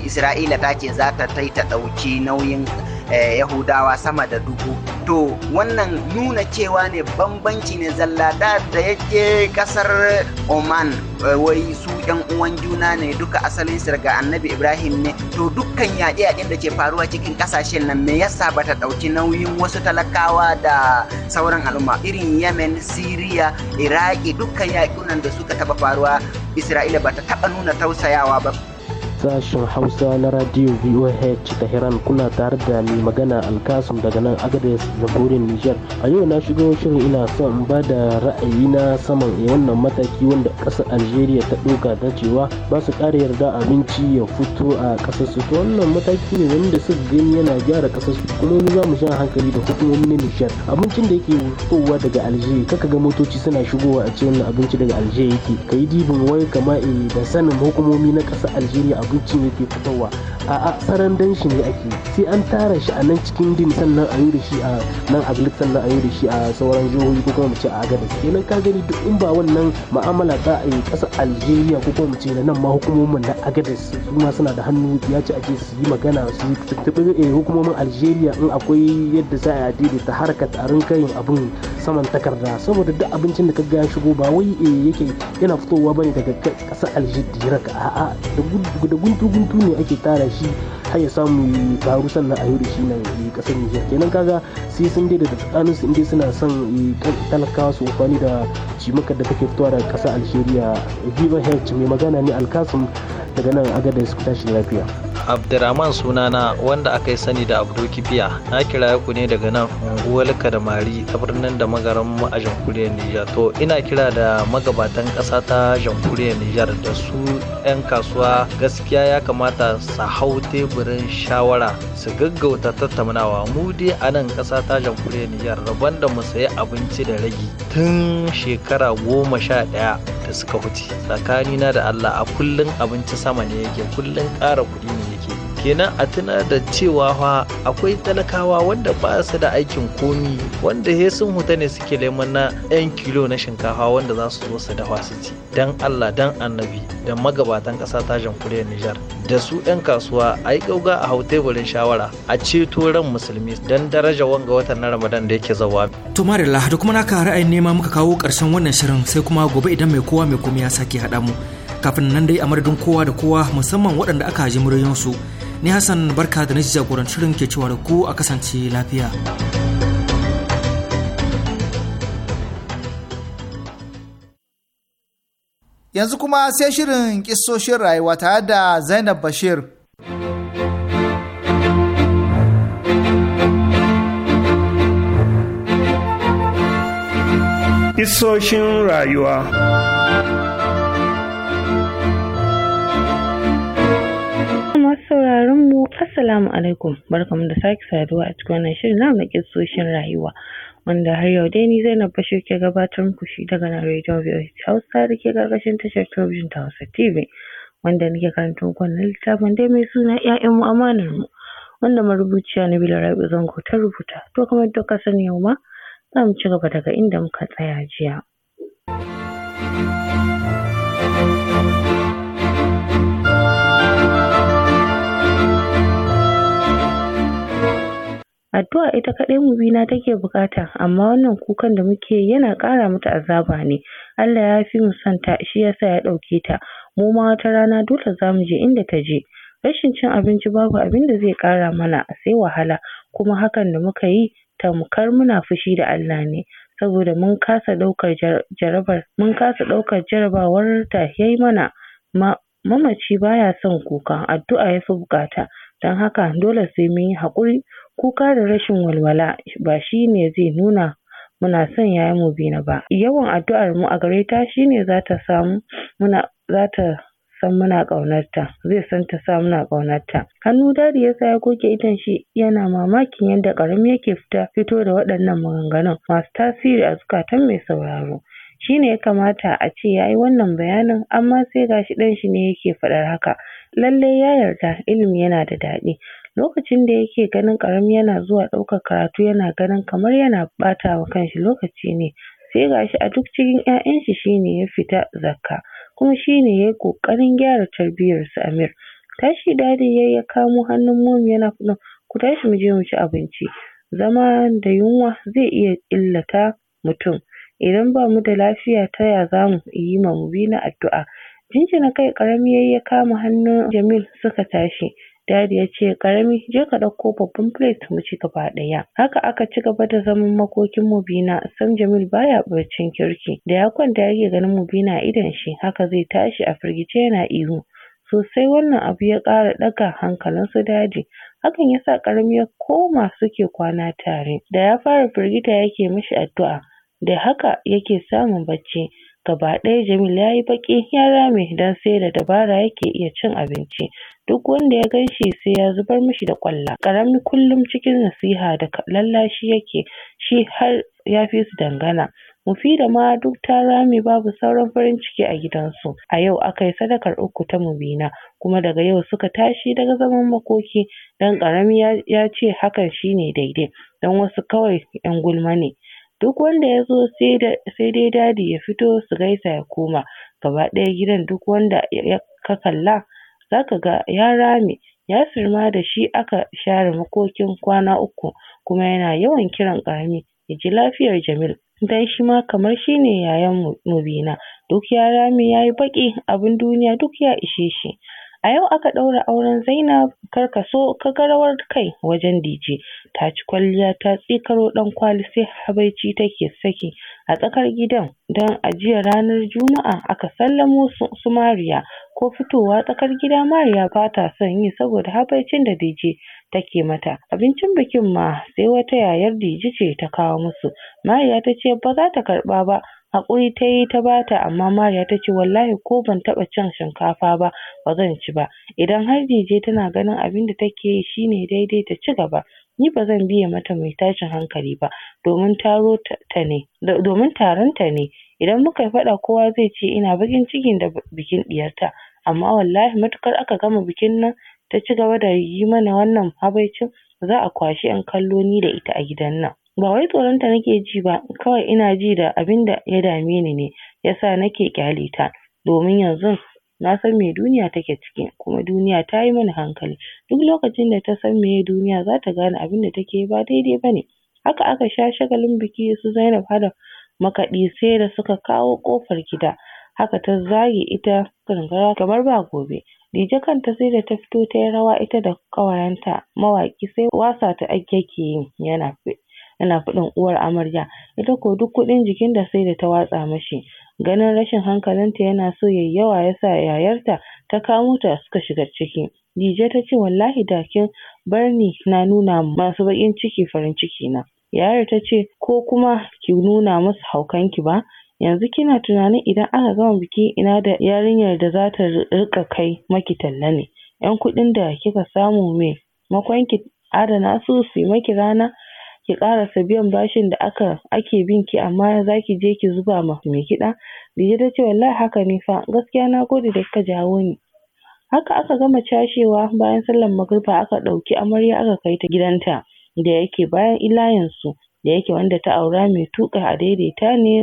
isra'ila ta ce zata ta ta ɗauki nauyin Eh, yahudawa sama da dubu to wannan nuna cewa ne bambanci ne zalla da da yake kasar oman eh, wai su yan uwan juna ne duka asalin su daga annabi ibrahim ne to dukkan yaƙe yaƙen da ke faruwa cikin ƙasashen nan me yasa bata ɗauki nauyin wasu talakawa da sauran al'umma irin yemen siriya iraki dukkan yaƙunan da suka taɓa faruwa isra'ila ba ta taɓa nuna tausayawa ba sashen hausa na radio voh tehran kuna tare da mai magana alkasum daga nan agadez jamhuriyar nijar a yau na shigo shirin ina son in ba da ra'ayi na saman wannan mataki wanda ƙasar algeria ta ɗauka ta cewa ba su ƙara yarda abinci ya fito a ƙasar su to wannan mataki ne wanda su gani yana gyara ƙasar su kuma mu za mu sha hankali da hukumomin nijar abincin da yake fitowa daga algeria kaka ga motoci suna shigowa a ce abinci daga algeria yake ka yi dibin wai kama eh, da sanin hukumomi na ƙasar algeria abin ne ke fitowa a'a saran dan shi ne ake sai an tara shi a nan cikin din sannan a yi da shi a nan aglik sannan a yi da shi a sauran jihohi ko kuma mu ce a agadas kenan ka gani duk in ba wannan ma'amala za a yi ƙasar algeria ko kuma mu ce na nan ma hukumomin na agadas su ma suna da hannu ya ce ake su yi magana su tuntuɓi eh, hukumomin algeria in akwai yadda za a ta harkar tarin kayan abin saman takarda saboda duk abincin da ka ga shigo ba wai eh, yake yana fitowa bane daga ƙasar algeria a'a da da guntu guntu ne ake tara shi har ya samu karu sannan a yau da shi na kasar Nijar kenan kaga sai sun dai da tsakanin su inda suna son talakawa su amfani da cimakar da take fitowa daga kasar Algeria Viva Health mai magana ne Alkasim daga nan agadar su tashi lafiya. Abdurrahman sunana wanda aka yi sani da Abdul Kibiya. Na kira ku ne daga nan unguwar Kadamari ta birnin da magaran mu a jamhuriyar Nijar. To ina kira da magabatan ƙasa ta jamhuriyar Nijar da su 'yan kasuwa gaskiya ya kamata su hau teburin shawara su gaggauta tattaunawa mu dai a nan ƙasa ta jamhuriyar Nijar rabon da mu sayi abinci da ragi tun shekara goma sha ɗaya da suka wuce tsakanina da Allah a kullum abinci sama ne yake kullum ƙara kuɗi ne kenan a tuna da cewa fa akwai talakawa wanda ba su da aikin komi wanda he sun huta ne suke neman na 'yan kilo na shinkafa wanda za su zo su dafa su ci dan Allah dan annabi da magabatan ƙasa ta jamhuriyar Nijar da su 'yan kasuwa a yi gauga a hau teburin shawara a ceto ran musulmi dan daraja wanga watan na Ramadan da yake zawa. To Marilla da kuma naka ra'ayin nema muka kawo karshen wannan shirin sai kuma gobe idan mai kowa mai komi ya sake haɗa mu. kafin nan dai a madadin kowa da kowa musamman waɗanda aka ji muryoyinsu ni hassan barka da na jagorancin ke cewa da ku a kasance lafiya. yanzu kuma sai shirin kisoshin rayuwa tare da Zainab Bashir. Kisoshin rayuwa sauraron mu assalamu alaikum barkamu da sake saduwa a cikin wannan shirin namu na kisoshin rayuwa wanda har yau dai ni Zainab Bashir ke gabatar muku shi daga nan Radio VOH Hausa da ke karkashin tashar talabijin ta Hausa TV wanda nake karanta muku wannan littafin dai mai suna ƴaƴan mu amanar mu wanda marubuciya Nabila Rabi Zango ta rubuta to kamar da ka sani yau ma za mu ci gaba daga inda muka tsaya jiya. Addu'a ita kaɗai Mubina take buƙata, amma wannan kukan da muke yana ƙara mata azaba ne. Allah ya fi mu san ta shi yasa ya ɗauke ta, mu ma wata rana dole za mu je inda ta je. Rashin cin abinci babu abin da zai ƙara mana sai wahala, kuma hakan da muka yi tamkar muna fushi da Allah ne. Saboda mun kasa ɗaukar jarabar mun kasa ɗaukar jarabawar ta ya yi mana. mamaci baya son kuka, addu'a ya fi buƙata, don haka dole sai mun yi haƙuri kuka da rashin walwala ba shi ne zai nuna muna son mu Bina ba. Yawan addu'ar mu a gare ta shi ne za ta samu muna za ta san muna ƙaunarta, zai san ta sa muna ƙaunarta. Hannu dadi ya sa ya goge idon shi yana mamakin yadda ƙarami yake fita fito da waɗannan maganganun masu tasiri a zukatan mai sauraro. Shine ne ya kamata a ce ya yi wannan bayanin amma sai gashi shi ɗan shi ne yake faɗar haka. Lallai ya yarda ilimi yana da daɗi. lokacin da yake ganin ƙarami yana zuwa ɗaukar karatu yana ganin kamar yana ɓata wa kanshi lokaci ne sai ga shi a duk cikin 'ya'yan shi shine ya fita zakka kuma shine yayi ƙoƙarin gyara tarbiyyar su Amir tashi dadi yayi ya kamo hannun Momi yana faɗin ku tashi mu mu ci abinci zama da yunwa zai iya illata mutum idan ba mu da lafiya ta ya za yi ma mu bi na addu'a jinjina kai ƙarami yayi ya kama hannun Jamil suka tashi Dadi ya ce, Karami, je ka ɗauko babban plate mu ci gaba ɗaya. Haka aka ci gaba da zaman makokin Mubina, sam Jamil baya barcin kirki. Da ya kwanta yake ganin Mubina idan shi, haka zai tashi a firgice yana ihu. Sosai wannan abu ya ƙara ɗaga hankalin su Dadi. Hakan ya sa Karami ya koma suke kwana tare. Da ya fara firgita yake mishi addu'a, da haka yake samun bacci. Gaba ɗaya Jamil ya yi baƙi ya rame don sai da dabara yake iya cin abinci. Duk wanda ya ganshi sai ya zubar mishi da ƙwalla. Ƙarami kullum cikin nasiha da lallashi yake shi har ya fi su dangana. da ma duk ta rame babu sauran farin ciki a gidansu. A yau aka yi sadakar uku ta Mubina kuma daga yau suka tashi daga zaman makoki don ƙarami ya ce hakan shine daidai don wasu kawai 'yan gulma ne. duk wanda ya zo sai dai dadi ya fito su gaisa ya koma gaba ɗaya gidan duk wanda ya ka kalla ka ga ya rame Yasir ma da shi aka share makokin kwana uku kuma yana yawan kiran ƙarami ya ji lafiyar Jamil dan shi ma kamar shi ne yayan Mubina duk ya rame ya yi baƙi abin duniya duk ya ishe shi. A yau aka ɗaura auren Zainab kar ka so ka ga rawar kai wajen DJ. Ta ci kwalliya ta tsikaro ɗan kwali sai habaici take saki a tsakar gidan don a jiya ranar Juma'a aka sallamo su Mariya ko fitowa tsakar gida Mariya ba ta son yi saboda habaicin da dije take mata. Abincin bikin ma sai wata yayar dije ce ta kawo musu. Mariya ta ce ba za ta karɓa ba Haƙuri ta yi ta bata amma Mariya ta ce wallahi ko ban taɓa cin shinkafa ba ba zan ci ba. Idan har Dije tana ganin abin da take yi shine daidai ta ci gaba. Ni ba zan biye mata mai tashin hankali ba domin taro ta ne domin taron ta ne. Idan muka yi faɗa kowa zai ce ina baƙin cikin da bikin ɗiyarta. Amma wallahi matukar aka gama bikin nan ta ci gaba da yi mana wannan habaicin za a kwashi 'yan kallo ni da ita a gidan nan. ba wai tsoron tsoronta nake ji ba kawai ina ji da abin da ya dame ni ne yasa nake kyale ta domin yanzu na san me duniya take ciki kuma duniya ta yi mini hankali duk lokacin da ta san meye duniya za ta gane abin da take yi ba daidai ba ne haka aka sha shagalin biki su Zainab hada makaɗi sai da suka kawo ƙofar gida haka ta zage ita gangara kamar ba gobe Dije kanta sai da ta fito ta yi rawa ita da ƙawayenta mawaƙi sai wasa ta ake yi yana yana faɗin uwar amarya ita ko duk kuɗin jikin da sai da ta watsa mashi ganin rashin hankalinta yana so yayi yawa yasa yayarta ta kamo ta suka shiga ciki Dije ta ce wallahi da kin bar ni na nuna masu baƙin ciki farin ciki na yayar ta ce ko kuma ki nuna musu ki ba yanzu kina tunanin idan aka gama biki ina da yarinyar da za ta riƙa kai maki talla ne 'yan kuɗin da kika samu me makon adana su suyi maki rana ki karasa biyan bashin da aka ake bin ki amma zaki je ki zuba ma mai kiɗa Dije ta ce wallahi haka ne fa gaskiya na gode da kika jawo ni haka aka gama cashewa bayan sallar magriba aka ɗauki amarya aka kai ta gidanta da yake bayan ilayensu da yake wanda ta aura mai tuƙa daidaita ne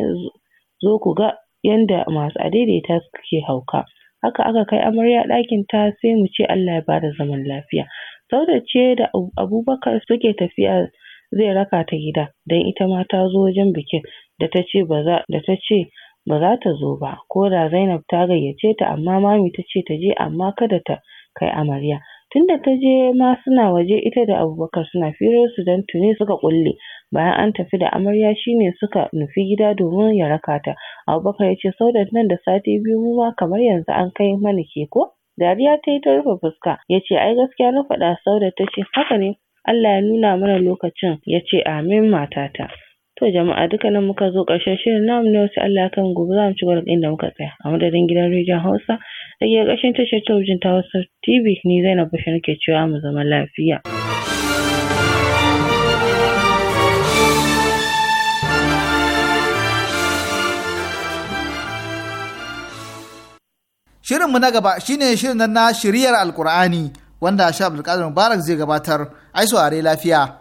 zo ku ga yanda masu daidaita suke hauka haka aka kai amarya ɗakin ta sai mu ce Allah ya bada zaman lafiya Sauda ce da Abubakar suke tafiya zai raka ta gida don ita ma ta zo wajen bikin da ta ce ba za da ta ce ba za ta zo ba ko da Zainab ta gayyace ta amma Mami ta ce ta je amma kada ta kai amarya. Tunda ta je ma suna waje ita da Abubakar suna firar su don tuni suka kulle bayan an tafi da amarya shine suka nufi gida domin ya raka ta. Abubakar ya ce saudan nan da sati biyu mu ma kamar yanzu an kai mana ke ko? Dariya ta yi ta rufe fuska ya ce ai gaskiya na faɗa Saudat ta ce haka ne Allah ya nuna mana lokacin ya ce amin matata to jama'a duka nan muka zo ƙarshen shirin namu na yau Allah ya kai mu gobe zamu cigaba daga inda muka tsaya a madadin gidan rediyon Hausa da ke ƙarshen tashar talabijin ta Hausa TV ni Zainab Bashir nake cewa mu zama lafiya. Shirinmu na gaba shine shirin na shiriyar Alƙur'ani, wanda Sha Abdulkadir Mubarak zai gabatar. ai saurare lafiya.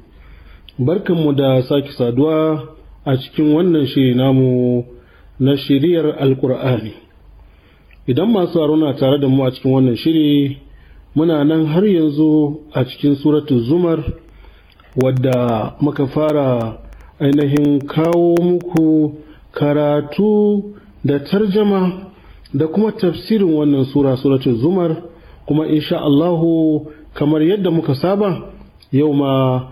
Barkan mu da sake saduwa a cikin wannan shiri namu na shiriyar Alƙur'ani, idan masu na tare da mu a cikin wannan shiri muna nan har yanzu a cikin suratu zumar wadda muka fara ainihin kawo muku karatu da tarjama da kuma tafsirin wannan sura suratu zumar kuma insha Allahu kamar yadda muka saba yau ma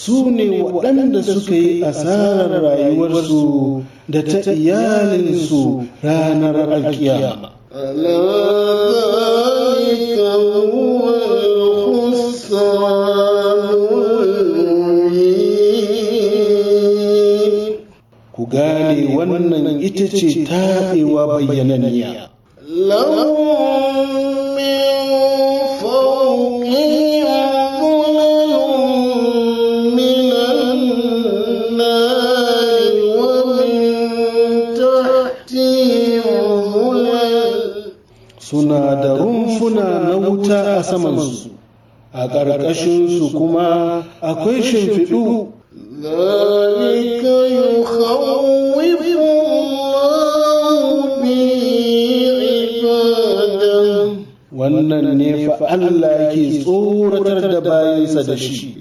su ne waɗanda suka yi asarar rayuwarsu da ta iyalinsu ranar alkiyama. Ku gane wannan ita ce taɓewa bayyananniya. Lahun shimfuna na wuta a samansu a ƙarƙashinsu kuma akwai shimfiɗu wannan ne fa Allah yake tsoratar da bayansa da shi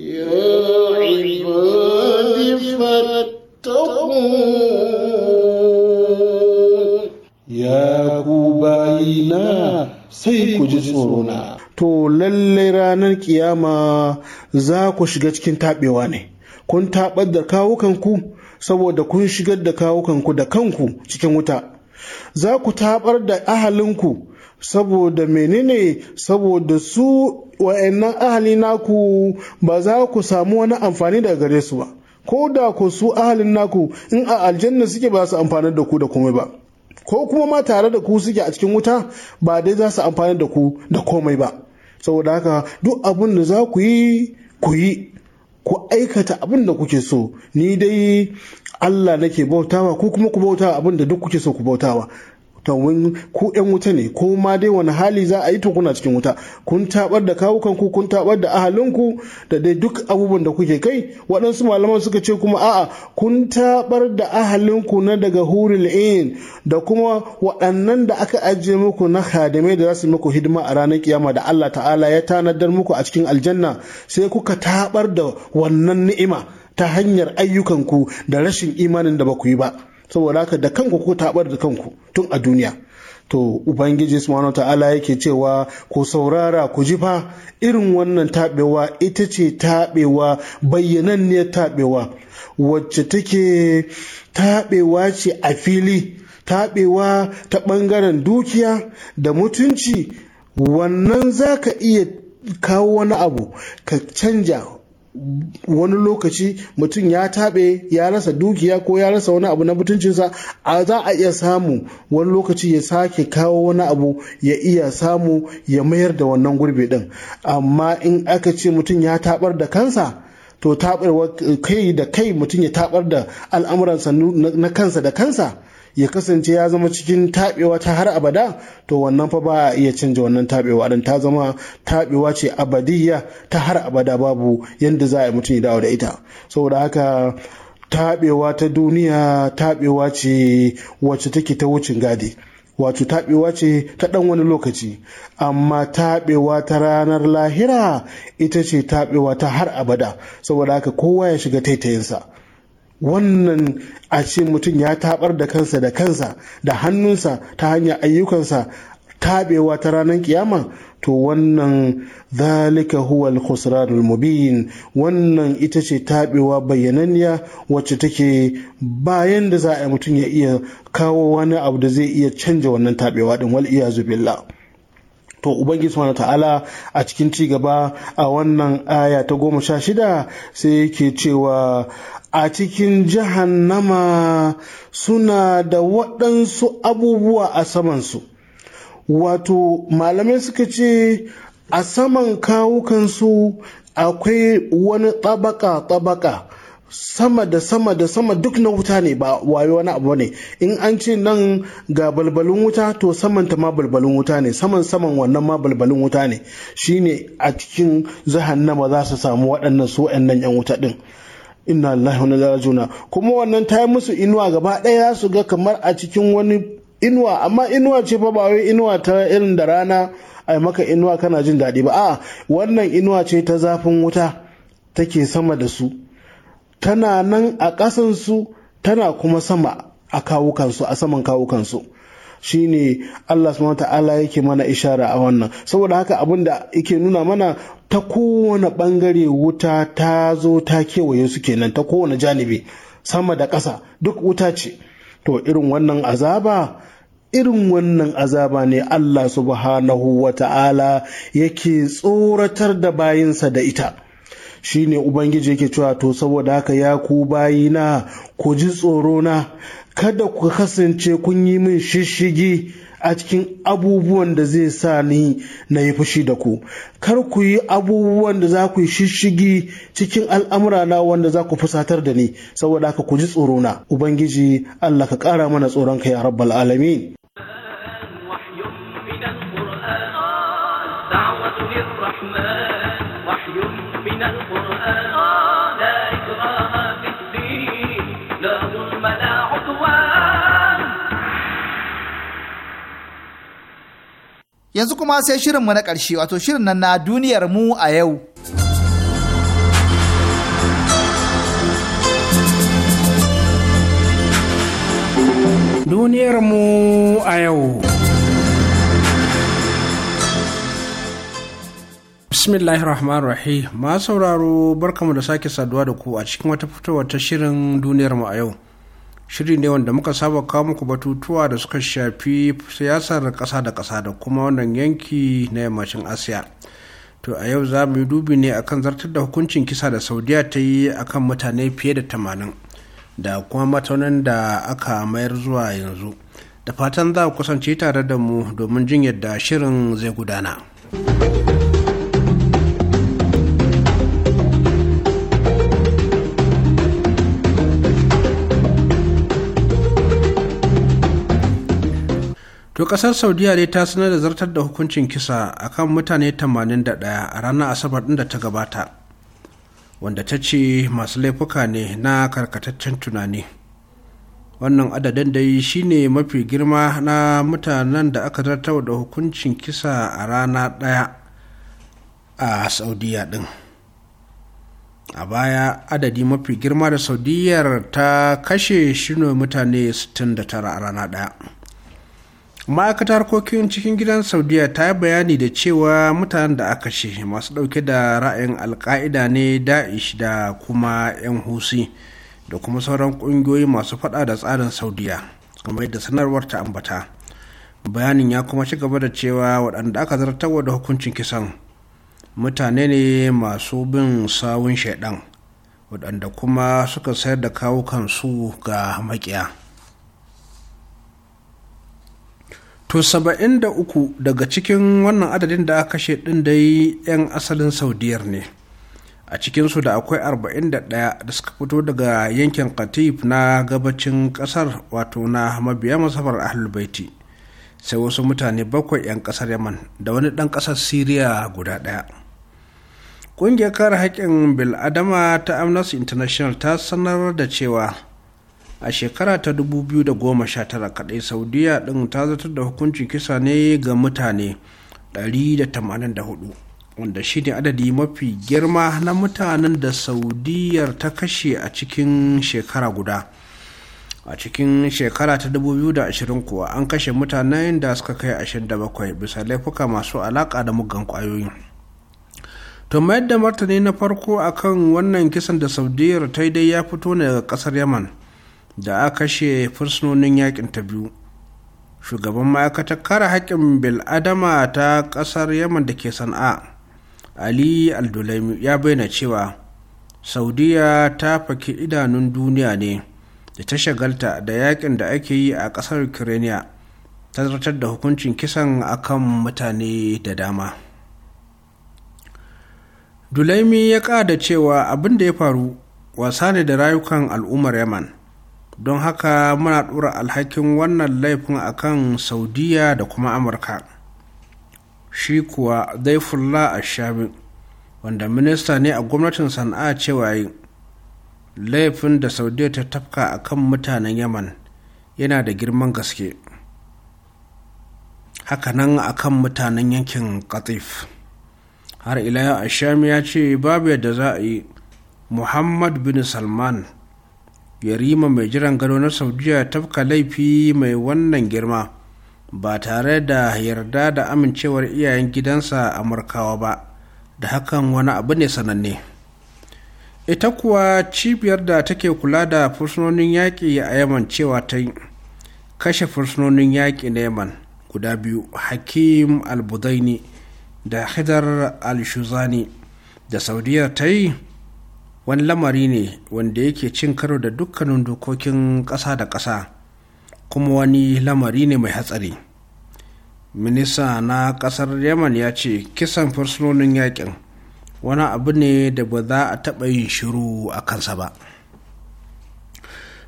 kiyama za ku shiga cikin taɓewa ne kun taɓar da kawukanku saboda kun shigar da kawukanku da kanku cikin wuta za ku taɓar da ahalinku saboda menene saboda su wa'annan ahali naku ba za ku samu wani amfani daga gare su ba ko da ku su ahalin naku in a aljanna suke ba su amfani da ku da komai ba ko kuma ma tare da ku suke a cikin wuta ba dai za su amfani da ku da komai ba saboda haka duk abin da za ku yi ku yi ku aikata abin da kuke so ni dai Allah nake bautawa ko kuma ku bauta abin da duk kuke so ku bautawa to wani ku yan wuta ne ko ma dai wani hali za a yi to kuna cikin wuta kun tabar da kawukan ku kun tabar da ahalinku da dai duk abubuwan da kuke kai waɗansu malaman suka ce kuma a'a kun tabar da ahalinku na daga huril in da kuma waɗannan da aka ajiye muku na khadimai da za su muku hidima a ranar kiyama da Allah ta'ala ya tanadar muku a cikin aljanna sai kuka tabar da wannan ni'ima ta hanyar ayyukanku da rashin imanin da ba ku yi ba saboda haka da kanku ko tabar da kanku tun a duniya to ubangiji subhanahu ta'ala yake cewa ku saurara ku ji fa irin wannan tabewa ita ce tabewa bayyananniyar tabewa wacce take tabewa ce a fili tabewa ta bangaren dukiya da mutunci wannan za ka iya kawo wani abu ka canja wani lokaci mutum ya taɓe ya rasa dukiya ko ya rasa wani abu na mutuncinsa a za a iya samu wani lokaci ya sake kawo wani abu ya iya samu ya mayar da wannan gurbe ɗin amma in aka ce mutum ya taɓar da kansa to taɓarwa kai da kai mutum ya taɓar da al'amuransa na kansa da kansa ya kasance ya zama cikin taɓewa ta har abada to wannan fa ba a iya canja wannan taɓewa dan ta zama taɓewa ce abadiyya ta har abada babu yadda za a yi mutum ya dawo da ita saboda haka taɓewa ta duniya taɓewa ce wacce take ta wucin gadi wato taɓewa ce ta ɗan wani lokaci amma taɓewa ta ranar lahira ita ce taɓewa ta har abada saboda haka kowa ya shiga taitayinsa wannan a ce mutum ya tabar da kansa da kansa da hannunsa ta hanyar ayyukansa tabewa ta ranar kiyama to wannan zalika huwal khusranul mubin wannan ita ce tabewa bayyananniya wacce take bayan da za a mutum ya iya kawo wani abu da zai iya canja wannan tabewa din wal iyazu billah to ubangiji subhanahu ta'ala a cikin ci gaba a wannan aya ta goma sha shida sai yake cewa a cikin jahannama suna da waɗansu abubuwa a samansu wato malamai suka ce a saman kawukansu akwai wani tabaka-tabaka sama da sama da sama duk na wuta ne ba wayo wani abu ne in an ce nan ga balbalin wuta to saman ta ma balbalin wuta ne saman saman wannan ma balbalin wuta ne shine a cikin zahannama za su samu waɗannan su 'yan nan 'yan wuta ɗin inna Allah wani rajuna kuma wannan ta yi musu inuwa gaba ɗaya za su ga kamar a cikin wani inuwa amma inuwa ce fa ba wai inuwa ta irin da rana ai maka inuwa kana jin daɗi ba a wannan inuwa ce ta zafin wuta take sama da su tana nan a ƙasansu tana kuma sama a kawukansu a saman kawukansu shine Allah subhanahu ta'ala yake mana ishara a wannan saboda haka abin da yake nuna mana ta kowane bangare wuta ta zo ta kewaye su kenan ta kowane janibi sama da ƙasa duk wuta ce to irin wannan azaba irin wannan azaba ne Allah subhanahu wa ta'ala yake tsoratar da bayinsa da ita shi ne Ubangiji yake cewa to saboda haka ya ku bayina ku ji tsoro na kada ku kasance kun yi min shishigi a cikin abubuwan da zai sa ni na yi fushi da ku kar ku yi abubuwan da za ku yi shishigi cikin al'amura wanda za ku fusatar da ni saboda haka ku ji tsoro na ubangiji Allah ka ƙara mana tsoron ka ya rabbal alamin yanzu kuma sai shirinmu na ƙarshe wato shirin nan na duniyar mu a yau. Duniyar mu a yau. Bismillahir Rahmanir Rahim, ma sauraro barkamu da sake saduwa da ku a cikin wata fitowar ta shirin duniyar mu a yau. shiri ne wanda muka saba kawo muku batutuwa da suka shafi siyasar ƙasa da ƙasa da kuma wannan yanki na yammacin asiya to a yau za mu yi dubi ne akan zartar da hukuncin kisa da saudiya ta yi akan mutane fiye da tamanin da kuma mataunin da aka mayar zuwa yanzu da fatan za ku kusance tare da mu domin jin yadda shirin zai gudana. to kasar saudiya dai ta sanar da zartar da hukuncin kisa a kan mutane 81 a ranar asabar ɗin da ta gabata wanda ta ce masu laifuka ne na karkataccen tunani wannan adadin dai ne mafi girma na mutanen da aka zartar da hukuncin kisa a rana ɗaya a saudiya ɗin, a baya adadi mafi girma da saudiyar ta kashe shi ne mutane 69 a rana ɗaya ma'aikatar harkokin cikin gidan saudiya ta yi bayani da cewa mutanen da aka ce masu dauke da ra'ayin alka'ida ne da'ish da kuma 'yan husi da kuma sauran kungiyoyi masu fada da tsarin saudiya kuma yadda sanarwar ta ambata bayanin ya kuma ci gaba da cewa waɗanda aka zartarwa da hukuncin kisan mutane ne masu bin sawun shaidan waɗanda kuma suka sayar da kawukan su ga maƙiya. to 73 daga cikin wannan adadin da aka kashe ɗin dai 'yan asalin saudiyar ne a cikinsu da akwai 41 da suka fito daga yankin katif na gabacin ƙasar wato na mabiya masafar ahalbaiti sai wasu mutane bakwai 'yan kasar yaman da wani ɗan ƙasar siriya guda ɗaya ƙungiyar kare haƙƙin bil'adama ta amnesty international ta sanar da cewa a shekara ta 2019 kadai saudiya din ta zartar da hukuncin kisa ne ga mutane 184 wanda shi ne adadi mafi girma na mutanen da saudiyar ta kashe a cikin shekara guda a cikin shekara ta 2020 kuwa an kashe mutanen da suka kai 27 bisa laifuka masu alaka da mugan kwayoyi to mayar da martani na farko akan wannan kisan da saudiyar ta yi dai ya fito ne daga kasar yaman da a kashe fursunonin yakin ta biyu shugaban ma'aikatar kare haƙƙin bil'adama ta ƙasar yaman da ke sana'a ali aldulaimi ya bayyana cewa saudiya ta faki idanun duniya ne da ta shagalta da yakin da ake yi a ƙasar ukraine ta zartar da hukuncin kisan akan mutane da dama dulaimi ya ƙada cewa abin da ya faru wasa ne da rayukan al'ummar yaman don haka muna ɗora alhakin wannan laifin a kan saudiya da kuma amurka shi kuwa a ashami wanda minista ne a gwamnatin sana'a cewa yi laifin da saudiya ta tafka a kan mutanen yaman yana da girman gaske hakanan kan mutanen yankin katif har ila ashami ya ce babu yadda za a yi muhammad bin salman yarima mai jiran gado na saudiya tafka laifi mai wannan girma ba tare da yarda da amincewar iyayen gidansa amurkawa ba da hakan wani abu ne sananne ita kuwa cibiyar da take kula da fursunonin yaƙi a yaman cewa ta kashe fursunonin yaƙi na yaman guda biyu hakim al-budaini da hidar al-shuzani da Saudiyya ta yi wani lamari ne wanda yake cin karo da dukkanin dokokin ƙasa da ƙasa kuma wani lamari ne mai hatsari minista na ƙasar yaman ya ce kisan fursunonin yakin wani abu ne da ba za a taɓa yin shiru a kansa ba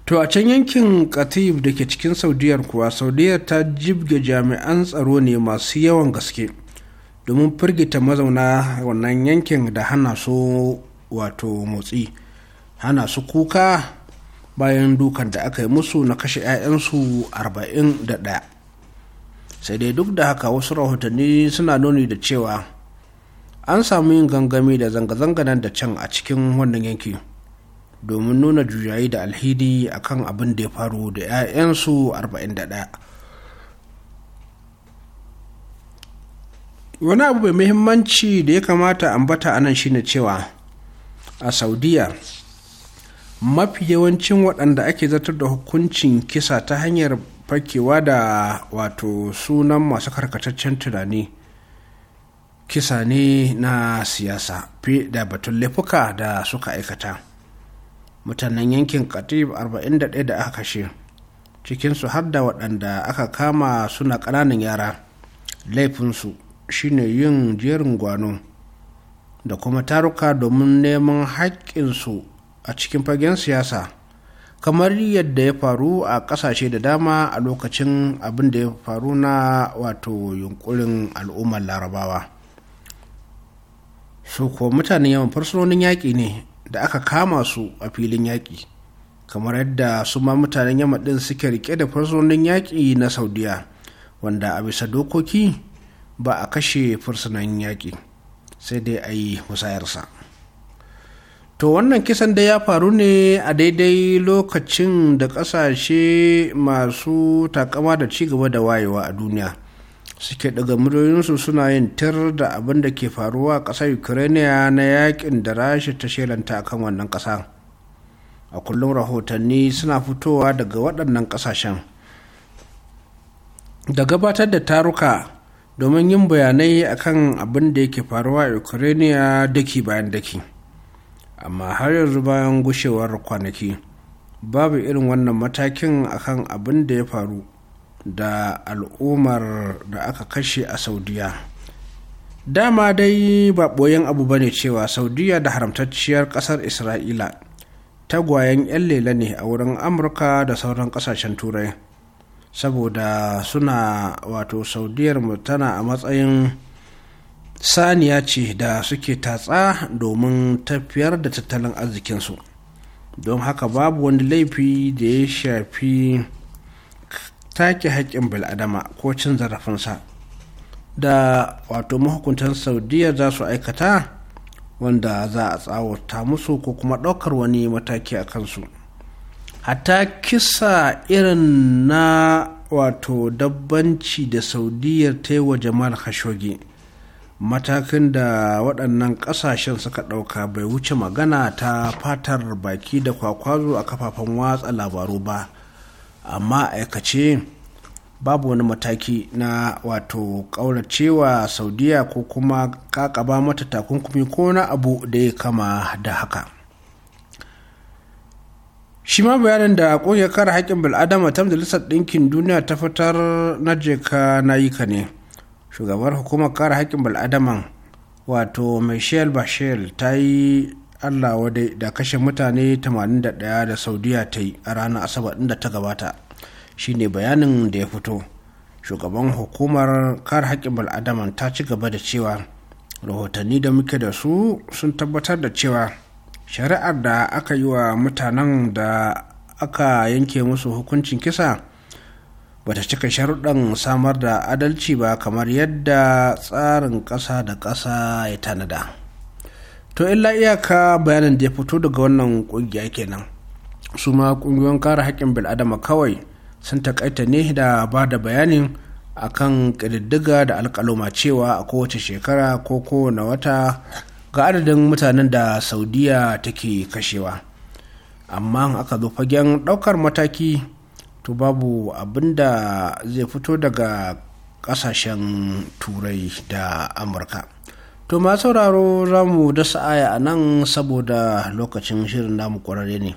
to a can yankin katib da ke cikin saudiyar kuwa saudiyar ta jibge jami'an tsaro ne masu yawan gaske domin firgita mazauna wannan yankin da hana su wato motsi hana su kuka bayan dukan da aka yi musu na kashe 'ya'yansu 41 sai dai duk da haka wasu rahotanni suna nuni da cewa an samu yin gangami da zanga-zanga nan da can a cikin wannan yanki domin nuna juyayi da alhidi a kan abin da ya faru da 'ya'yansu 41 wani abu mai muhimmanci da ya kamata ambata anan shine cewa a saudiya mafi yawancin waɗanda ake zartar da hukuncin kisa ta hanyar fakewa da wato sunan masu karkataccen tunani kisa ne na siyasa fi da batun laifuka da suka aikata mutanen yankin katib 41 da aka kashe cikinsu har da waɗanda aka kama suna ƙananan yara laifinsu shine yin jerin gwano da kuma taruka domin neman haƙƙinsu a cikin fagen siyasa kamar yadda ya faru a ƙasashe da dama a lokacin abin da ya faru na wato yunkurin al'ummar larabawa su kuwa mutanen yawan fursunonin yaƙi ne da aka kama su a filin yaƙi kamar yadda su ma mutanen yamma ɗin suke rike da fursunonin yaƙi na saudiya wanda a bisa dokoki ba a kashe fursunan yaƙi. sai dai a yi musayarsa to wannan kisan da ya faru ne a daidai lokacin da ƙasashe masu takama da cigaba da wayewa a duniya suke daga muryoyinsu suna yin tir da abin da ke faruwa a ƙasar Ukraina na yakin da rashi ta shelanta kan wannan ƙasa a kullum rahotanni suna fitowa daga waɗannan ƙasashen da gabatar da taruka domin yin bayanai akan abin da yake faruwa a Ukrainiya daki bayan daki amma har yanzu bayan gushewar kwanaki babu irin wannan matakin akan abin da ya faru da al'ummar da aka kashe a saudiya dama dai ba ɓoyen abu ba ne cewa saudiya da haramtacciyar ƙasar isra'ila tagwayen 'yan lela ne a wurin amurka da sauran ƙasashen turai saboda suna wato saudiyar mu tana a matsayin saniya ce da suke tatsa domin tafiyar da tattalin arzikinsu don haka babu wani laifi da ya shafi take haƙƙin bil'adama ko cin zarafinsa da wato mahukuntan saudiya za su aikata wanda za a tsawata musu ko kuma ɗaukar wani mataki a kansu. hatta kisa irin na wato dabbanci da saudiyar ta yi wa jamal khashoggi matakin da waɗannan ƙasashen suka ɗauka bai wuce magana ta fatar baki da kwakwazo a kafafen watsa labaru ba amma aikace babu wani mataki na wato ƙauracewa saudiya ko kuma ƙaƙaba mata takunkumi ko na abu da ya kama da haka shi ma bayanin da ƙungiyar kare haƙƙin bil'adama ta majalisar ɗinkin duniya ta fitar na jeka na yika ne shugabar hukumar kare haƙƙin bil'adaman wato michelle bashel ta yi allah wadai da kashe mutane 81 da saudiya ta yi a ranar asabar da ta gabata shine bayanin da ya fito shugaban hukumar kare haƙƙin bil'adaman ta ci gaba da cewa rahotanni da muke da su sun tabbatar da cewa shari'ar da aka yi wa mutanen da aka yanke musu hukuncin kisa bata cika sharuɗan samar da adalci ba kamar yadda tsarin ƙasa da ƙasa ya tanada to illa iyaka bayanin da ya fito daga wannan ƙungiya kenan su ma ƙungiyoyin kare haƙƙin bil'adama kawai sun taƙaita ne da ba da bayanin akan ƙididdiga da alƙaluma cewa a kowace shekara ko kowane wata ga adadin mutanen da saudiya take kashewa amma aka zo fagen ɗaukar mataki to babu abin da zai fito daga ƙasashen turai da amurka to ma sauraro za mu dasa aya a nan saboda lokacin shirin namu ƙwararre ne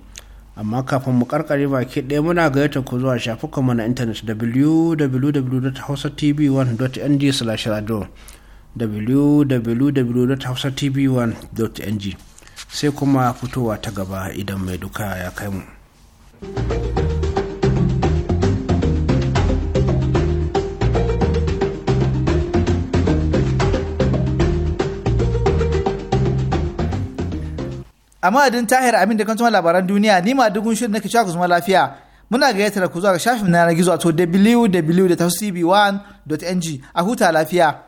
amma kafin mu karkare baki ɗaya muna gayyata ku zuwa shafukanmu na intanet www.hausatv1.ng/radio www.hausatv1.ng sai kuma fitowa ta gaba idan mai duka ya kai mu. a ma'adin tahir amin da kantuma labaran duniya ni ma dugun shirin na cewa ku zama lafiya muna gayyatar ku zuwa ga shafin na gizo to www.tcb1.ng a huta lafiya